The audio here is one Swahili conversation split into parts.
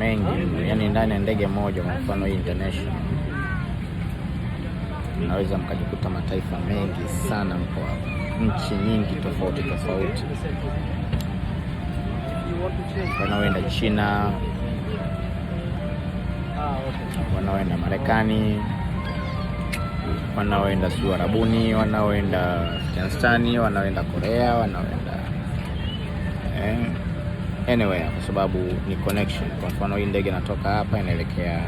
mengi, yani ndani ya ndege moja, kwa mfano hii international, mnaweza mkajikuta mataifa mengi sana, mko hapa, nchi nyingi tofauti tofauti, wanaoenda China, wanaoenda Marekani, wanaoenda Suarabuni, wanaoenda Afghanistani, wanaoenda Korea, wanaoenda eh anywhere kwa sababu ni connection. Kwa mfano hii ndege inatoka hapa inaelekea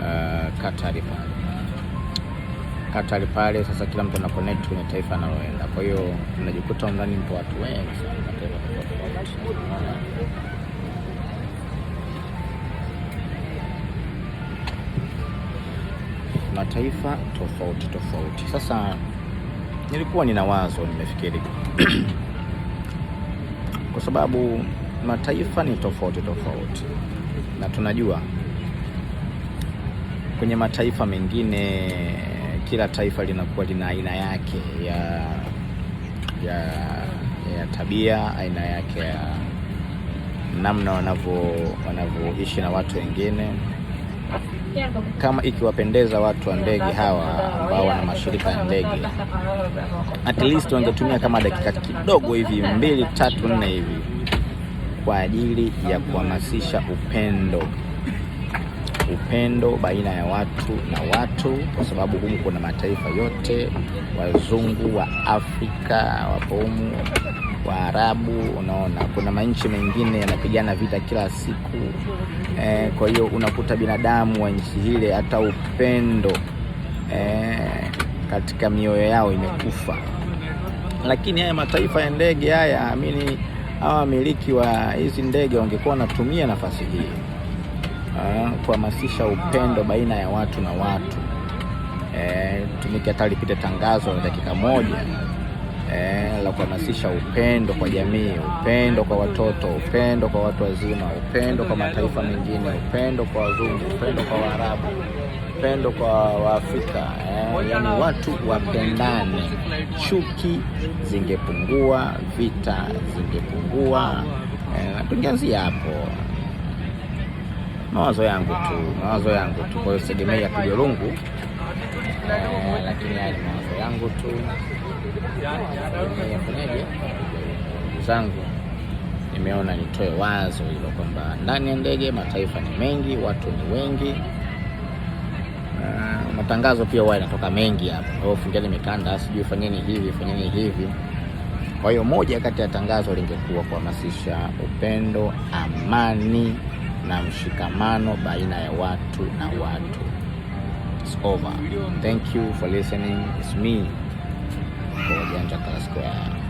uh, Katari pale Katari pale. Sasa kila mtu ana connect kwenye taifa analoenda, kwa hiyo unajikuta ndani mpo watu wengi sana mataifa tofauti. mataifa tofauti tofauti. Sasa nilikuwa nina wazo nimefikiri kwa sababu mataifa ni tofauti tofauti, na tunajua kwenye mataifa mengine kila taifa linakuwa lina aina yake ya, ya, ya tabia, aina yake ya namna wanavyoishi na watu wengine kama ikiwapendeza watu wa ndege hawa ambao wana mashirika ya ndege, at least wangetumia kama dakika kidogo hivi mbili tatu nne hivi kwa ajili ya kuhamasisha upendo upendo baina ya watu na watu, kwa sababu humu kuna mataifa yote, wazungu wa Afrika wapo humu, arabu Unaona, kuna manchi mengine yanapigana vita kila siku eh, Kwa hiyo unakuta binadamu wa nchi ile hata upendo eh, katika mioyo yao imekufa. Lakini haya mataifa ya ndege haya, amini hawa wamiliki wa hizi ndege wangekuwa wanatumia nafasi hii kuhamasisha upendo baina ya watu na watu. E, tumiki hata lipite tangazo la dakika moja e, la kuhamasisha upendo kwa jamii, upendo kwa watoto, upendo kwa watu wazima, upendo kwa mataifa mengine, upendo kwa wazungu, upendo kwa Waarabu, upendo kwa Waafrika e, yani watu wapendane, chuki zingepungua, vita zingepungua. E, tungeanzia hapo mawazo yangu tu, mawazo yangu tu. Kwa hiyo sitegemei ya kijolungu eh, lakini haya ni mawazo yangu tu yafanyaje zangu nimeona nitoe wazo hilo kwamba ndani ya ndege mataifa ni mengi, watu ni wengi, uh, matangazo pia huwa yanatoka mengi hapa. Kwa hiyo fungeni mikanda, sijui fanyeni hivi fanyeni hivi. Kwa hiyo moja kati ya tangazo lingekuwa kuhamasisha upendo, amani na mshikamano baina ya watu na watu. It's over. Thank you for listening. It's me. Kojanja Square.